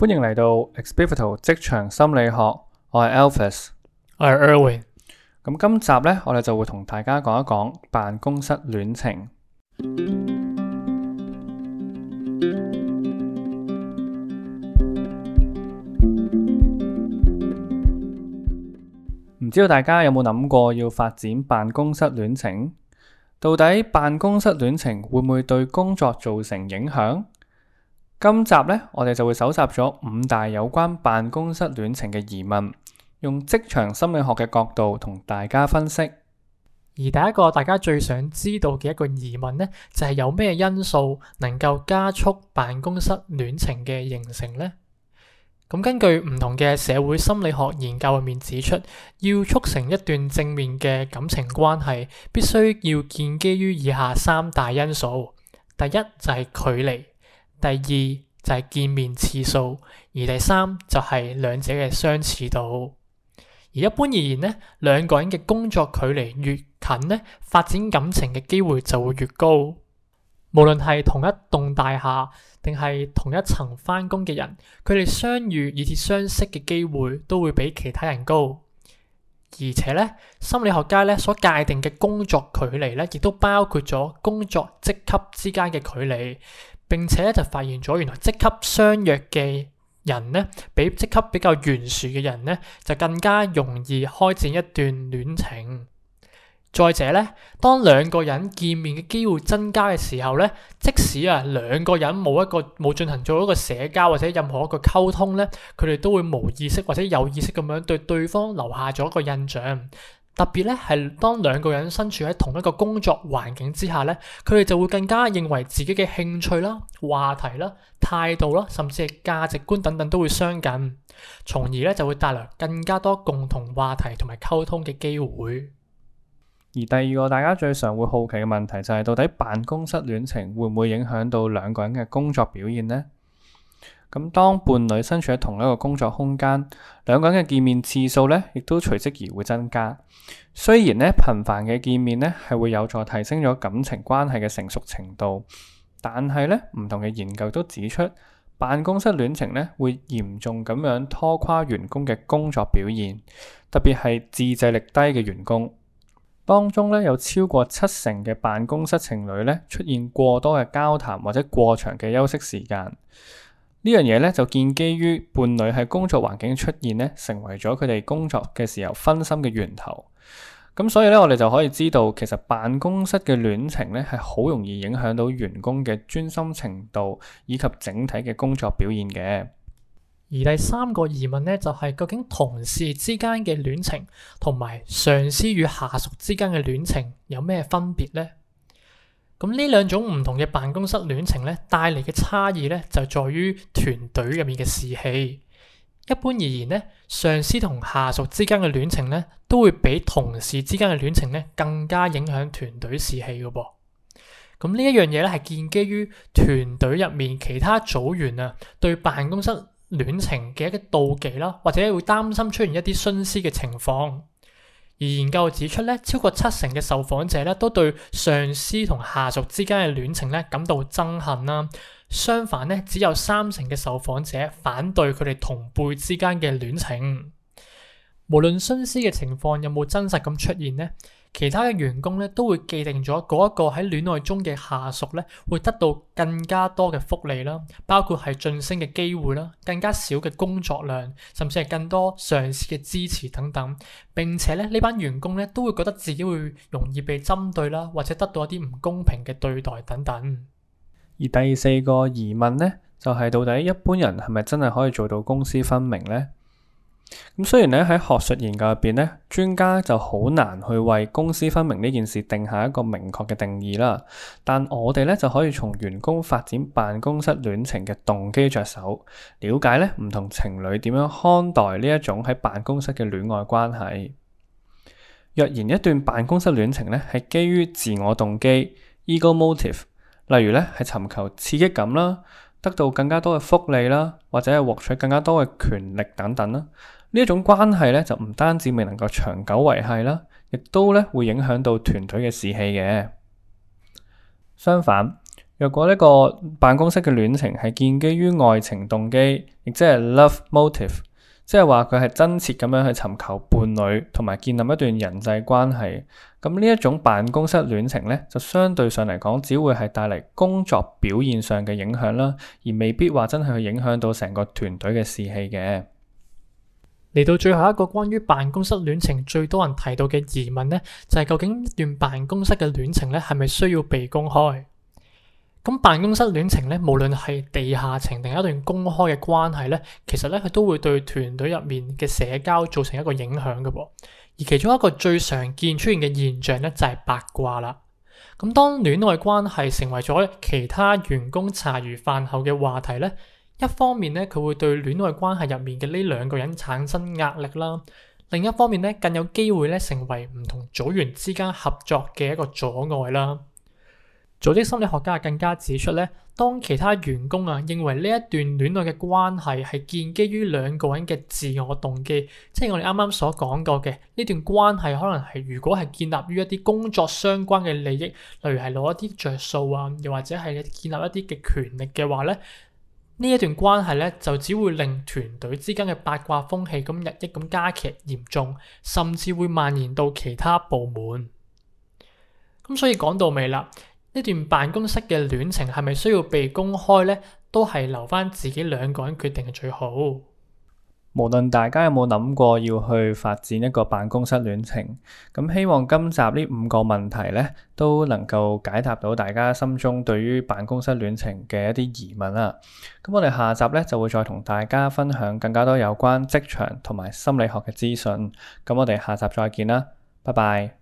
歡迎嚟到 Experito 職場心理學，我係 Alfie，我係 Erwin。咁今集呢，我哋就會同大家講一講辦公室戀情。唔知道大家有冇諗過要發展辦公室戀情？到底辦公室戀情會唔會對工作造成影響？今集咧，我哋就會搜集咗五大有關辦公室戀情嘅疑問，用職場心理學嘅角度同大家分析。而第一個大家最想知道嘅一個疑問呢，就係有咩因素能夠加速辦公室戀情嘅形成呢？咁根據唔同嘅社會心理學研究入面指出，要促成一段正面嘅感情關係，必須要建基於以下三大因素。第一就係距離。第二就係見面次數，而第三就係兩者嘅相似度。而一般而言呢，兩個人嘅工作距離越近呢，發展感情嘅機會就會越高。無論係同一棟大廈定係同一層翻工嘅人，佢哋相遇以至相識嘅機會都會比其他人高。而且呢，心理學家呢所界定嘅工作距離呢，亦都包括咗工作職級之間嘅距離。並且咧就發現咗，原來職級相約嘅人咧，比職級比較懸殊嘅人咧，就更加容易開展一段戀情。再者咧，當兩個人見面嘅機會增加嘅時候咧，即使啊兩個人冇一個冇進行做一個社交或者任何一個溝通咧，佢哋都會冇意識或者有意識咁樣對對方留下咗一個印象。特別咧係當兩個人身處喺同一個工作環境之下咧，佢哋就會更加認為自己嘅興趣啦、話題啦、態度啦，甚至係價值觀等等都會相近，從而咧就會帶來更加多共同話題同埋溝通嘅機會。而第二個大家最常會好奇嘅問題就係到底辦公室戀情會唔會影響到兩個人嘅工作表現呢？咁當伴侶身處喺同一個工作空間，兩個人嘅見面次數咧，亦都隨即而會增加。雖然咧頻繁嘅見面咧係會有助提升咗感情關係嘅成熟程度，但係咧唔同嘅研究都指出，辦公室戀情咧會嚴重咁樣拖垮員工嘅工作表現，特別係自制力低嘅員工。當中咧，有超過七成嘅辦公室情侶咧出現過多嘅交談或者過長嘅休息時間。呢樣嘢咧就建基於伴侶喺工作環境出現咧，成為咗佢哋工作嘅時候分心嘅源頭。咁所以咧，我哋就可以知道，其實辦公室嘅戀情咧係好容易影響到員工嘅專心程度以及整體嘅工作表現嘅。而第三個疑問咧就係，究竟同事之間嘅戀情同埋上司與下屬之間嘅戀情有咩分別呢？咁呢兩種唔同嘅辦公室戀情咧，帶嚟嘅差異咧，就在於團隊入面嘅士氣。一般而言咧，上司同下屬之間嘅戀情咧，都會比同事之間嘅戀情咧，更加影響團隊士氣嘅噃。咁呢一樣嘢咧，係建基於團隊入面其他組員啊，對辦公室戀情嘅一個妒忌啦，或者會擔心出現一啲徇私嘅情況。而研究指出咧，超過七成嘅受訪者咧都對上司同下屬之間嘅戀情咧感到憎恨啦。相反咧，只有三成嘅受訪者反對佢哋同輩之間嘅戀情。無論徇私嘅情況有冇真實咁出現呢，其他嘅員工咧都會既定咗嗰一個喺戀愛中嘅下屬咧會得到更加多嘅福利啦，包括係晉升嘅機會啦，更加少嘅工作量，甚至係更多上司嘅支持等等，並且咧呢班員工咧都會覺得自己會容易被針對啦，或者得到一啲唔公平嘅對待等等。而第四個疑問咧就係、是、到底一般人係咪真係可以做到公私分明咧？咁雖然咧喺學術研究入邊咧，專家就好難去為公私分明呢件事定下一個明確嘅定義啦。但我哋咧就可以從員工發展辦公室戀情嘅動機着手，了解咧唔同情侶點樣看待呢一種喺辦公室嘅戀愛關係。若然一段辦公室戀情咧係基於自我動機 （ego motive），例如咧係尋求刺激感啦，得到更加多嘅福利啦，或者係獲取更加多嘅權力等等啦。呢一種關係咧，就唔單止未能夠長久維繫啦，亦都咧會影響到團隊嘅士氣嘅。相反，若果呢個辦公室嘅戀情係建基於愛情動機，亦即係 love motive，即係話佢係真切咁樣去尋求伴侶同埋建立一段人際關係，咁呢一種辦公室戀情咧，就相對上嚟講，只會係帶嚟工作表現上嘅影響啦，而未必話真係去影響到成個團隊嘅士氣嘅。嚟到最後一個關於辦公室戀情最多人提到嘅疑問呢，就係究竟一段辦公室嘅戀情咧，係咪需要被公開？咁辦公室戀情呢，無論係地下情定一段公開嘅關係呢，其實呢，佢都會對團隊入面嘅社交造成一個影響嘅喎。而其中一個最常見出現嘅現象呢，就係八卦啦。咁當戀愛關係成為咗其他員工茶餘飯後嘅話題呢。一方面咧，佢會對戀愛關係入面嘅呢兩個人產生壓力啦，另一方面咧，更有機會咧成為唔同組員之間合作嘅一個阻礙啦。組織心理學家更加指出咧，當其他員工啊認為呢一段戀愛嘅關係係建基於兩個人嘅自我動機，即係我哋啱啱所講過嘅呢段關係可能係如果係建立於一啲工作相關嘅利益，例如係攞一啲着數啊，又或者係建立一啲嘅權力嘅話，咧。呢一段關係咧，就只會令團隊之間嘅八卦風氣咁日益咁加劇嚴重，甚至會蔓延到其他部門。咁所以講到尾啦，呢段辦公室嘅戀情係咪需要被公開咧？都係留翻自己兩個人決定嘅最好。無論大家有冇諗過要去發展一個辦公室戀情，咁希望今集呢五個問題呢，都能夠解答到大家心中對於辦公室戀情嘅一啲疑問啦。咁我哋下集呢，就會再同大家分享更加多有關職場同埋心理學嘅資訊。咁我哋下集再見啦，拜拜。